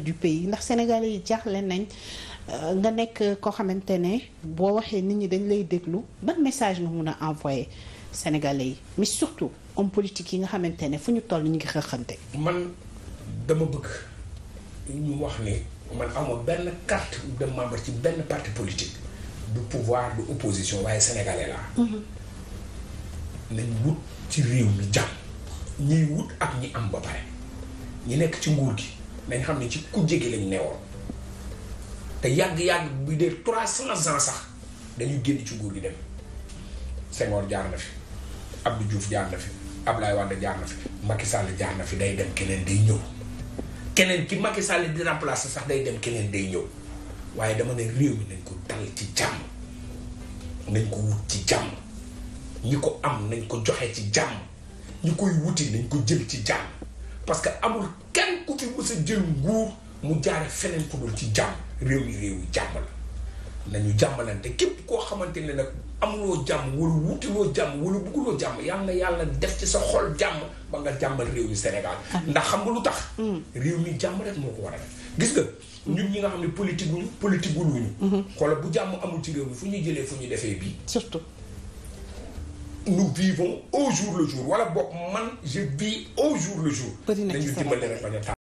du pays ndax sénégalais yi leen nañ euh, nga nekk koo xamante ne boo waxee nit ñi dañ lay déglu ban message nga mun a envoyé sénégalais yi mais surtout homme politique yi nga xamante ne fu ñu toll ñu ngi xëxante man dama bëgg ñu wax ni man amoo benn carte de membre ci benn parti politique du pouvoir du opposition waaye sénégalais laa mhm. nañ wut ci réew mi jàmm ñiy wut ak ñi am ba pare ñi nekk ci nguur gi nañ xam ne ci ku jege lañ newoon te yàgg-yàgg bu dee trois cent ans sax dañuy génn ci nguur gi dem Senghor jaar na fi Abdou Diouf jaar na fi Ablaye Wade jaar na fi Macky sàll jaar na fi day dem keneen day ñëw keneen ki Macky Sall di remplacer sax day dem keneen day ñëw waaye dama ne réew mi nañ ko dal ci jàmm nañ ko wut ci jàmm ñi ko am nañ ko joxe ci jàmm ñi koy wuti nañ ko jël ci jàmm parce amul kenn mës a jël nguur mu jaare feneen ku dul ci jàmm réew mi réewu jàmm la nañu jàmmalante képp koo xamante ne nag amuloo jàmm wala wutiloo jàmm wala bugguloo jàmm yal na yàlla def ci sa xol jàmm ba nga jàmmal réew mi Sénégal ndax xam nga lu tax mm. réew mi jàmm moo gis nga ñun ñi nga xam ne politique wuñu politique wuluñu mm-hmm. xoolal bu jàmm amul ci réew mi fu ñuy jëlee fu ñuy defee bii surtout nous vivons au jour le jour wala man je vis au le jour dañu dimbale rek bañ a